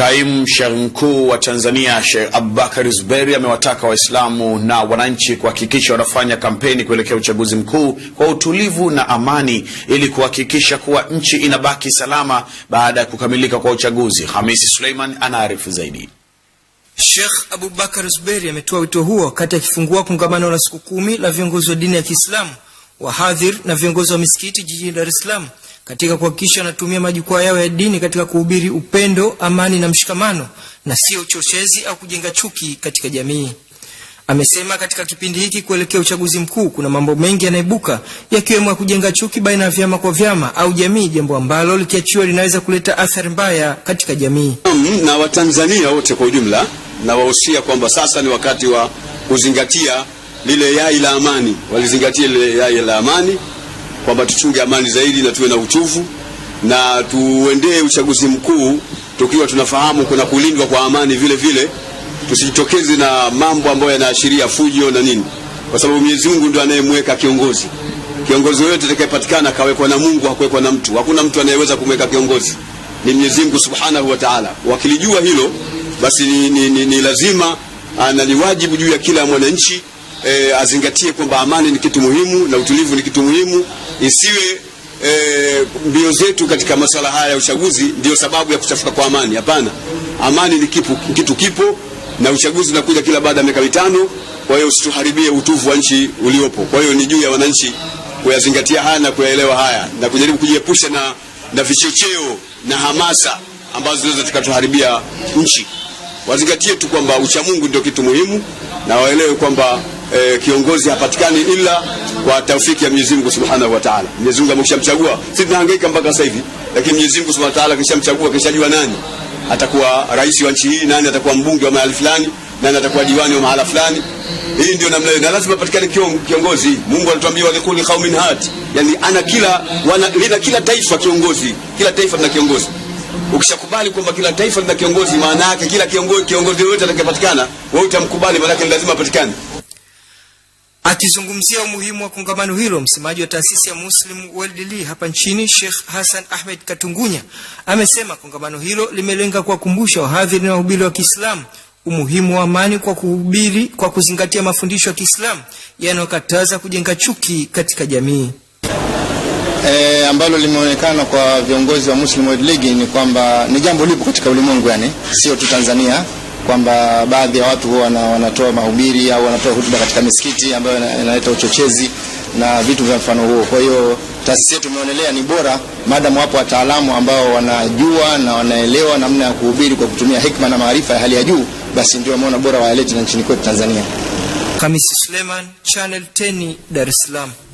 Kaimu Sheikh Mkuu wa Tanzania Sheikh Abubakar Zuberi amewataka Waislamu na wananchi kuhakikisha wanafanya kampeni kuelekea uchaguzi mkuu kwa utulivu na amani ili kuhakikisha kuwa nchi inabaki salama baada ya kukamilika kwa uchaguzi. Hamisi Suleiman anaarifu zaidi. Sheikh Abubakar Zuberi ametoa wito huo wakati akifungua kongamano la siku kumi la viongozi wa dini ya Kiislamu, wahadhir na viongozi wa misikiti jijini Dar es Salaam katika kuhakikisha wanatumia majukwaa yao ya dini katika kuhubiri upendo, amani na mshikamano na sio uchochezi au kujenga chuki katika jamii. Amesema katika kipindi hiki kuelekea uchaguzi mkuu kuna mambo mengi yanaibuka, yakiwemo ya kujenga chuki baina ya vyama kwa vyama au jamii, jambo ambalo likiachiwa linaweza kuleta athari mbaya katika jamii. Na Watanzania wote kwa ujumla, nawahusia kwamba sasa ni wakati wa kuzingatia lile yai la amani, walizingatia lile yai la amani kwamba tuchunge amani zaidi na tuwe na uchuvu na tuendee uchaguzi mkuu tukiwa tunafahamu kuna kulindwa kwa amani vile vile, tusijitokeze na mambo ambayo yanaashiria fujo na nini, kwa sababu Mwenyezi Mungu ndio anayemweka kiongozi. Kiongozi yoyote atakayepatikana akawekwa na Mungu, hakuwekwa na mtu. Hakuna mtu anayeweza kumweka kiongozi, ni Mwenyezi Mungu Subhanahu wa Ta'ala. Wakilijua hilo, basi ni, ni, ni, ni lazima ah, na ni wajibu juu ya kila mwananchi e, azingatie kwamba amani ni kitu muhimu na utulivu ni kitu muhimu, isiwe e, mbio zetu katika masuala haya ya uchaguzi ndio sababu ya kuchafuka kwa amani. Hapana, amani ni kipu, kitu kipo na uchaguzi unakuja kila baada ya miaka mitano. Kwa hiyo usituharibie utuvu wa nchi uliopo. Kwa hiyo ni juu ya wananchi kuyazingatia haya na kuyaelewa haya na kujaribu kujiepusha na, na vichocheo na hamasa ambazo zinaweza zikatuharibia nchi. Wazingatie tu kwamba uchamungu ndio kitu muhimu na waelewe kwamba e, kiongozi hapatikani ila kwa taufiki ya Mwenyezi Mungu Subhanahu wa Ta'ala. Mwenyezi Mungu ameshamchagua. si tunahangaika mpaka sasa hivi, lakini Mwenyezi Mungu Subhanahu wa Ta'ala kishamchagua, kishajua nani atakuwa rais wa nchi hii, nani atakuwa mbunge wa mahali fulani, nani atakuwa diwani wa mahali fulani. Hii ndio namna hiyo, na lazima patikane kiongozi. Mungu anatuambia walikuli qaumin hat, yani ana kila wana, lina kila taifa kiongozi, kila taifa lina kiongozi. Ukishakubali kwamba kila taifa lina kiongozi, maana yake kila kiongozi kiongozi yote atakayepatikana wewe utamkubali, maana yake lazima apatikane. Akizungumzia umuhimu wa kongamano hilo, msemaji wa taasisi ya Muslim World League hapa nchini Sheikh Hassan Ahmed Katungunya amesema kongamano hilo limelenga kuwakumbusha wahadhiri na wahubiri wa Kiislamu umuhimu wa amani kwa kuhubiri kwa kuzingatia mafundisho ya Kiislamu yanayokataza kujenga chuki katika jamii. E, ambalo limeonekana kwa viongozi wa Muslim World League ni kwamba ni jambo lipo katika ulimwengu, yani sio tu Tanzania kwamba baadhi ya watu huwa wana, wanatoa mahubiri au wanatoa hutuba katika misikiti ambayo inaleta uchochezi na vitu vya mfano huo. Kwa hiyo taasisi yetu imeonelea ni bora madamu wapo wataalamu ambao wanajua na wanaelewa namna ya kuhubiri kwa kutumia hikma na maarifa ya hali ya juu, basi ndio wameona bora waalete na nchini kwetu Tanzania. Kamisi Suleiman, Channel 10, Dar es Salaam.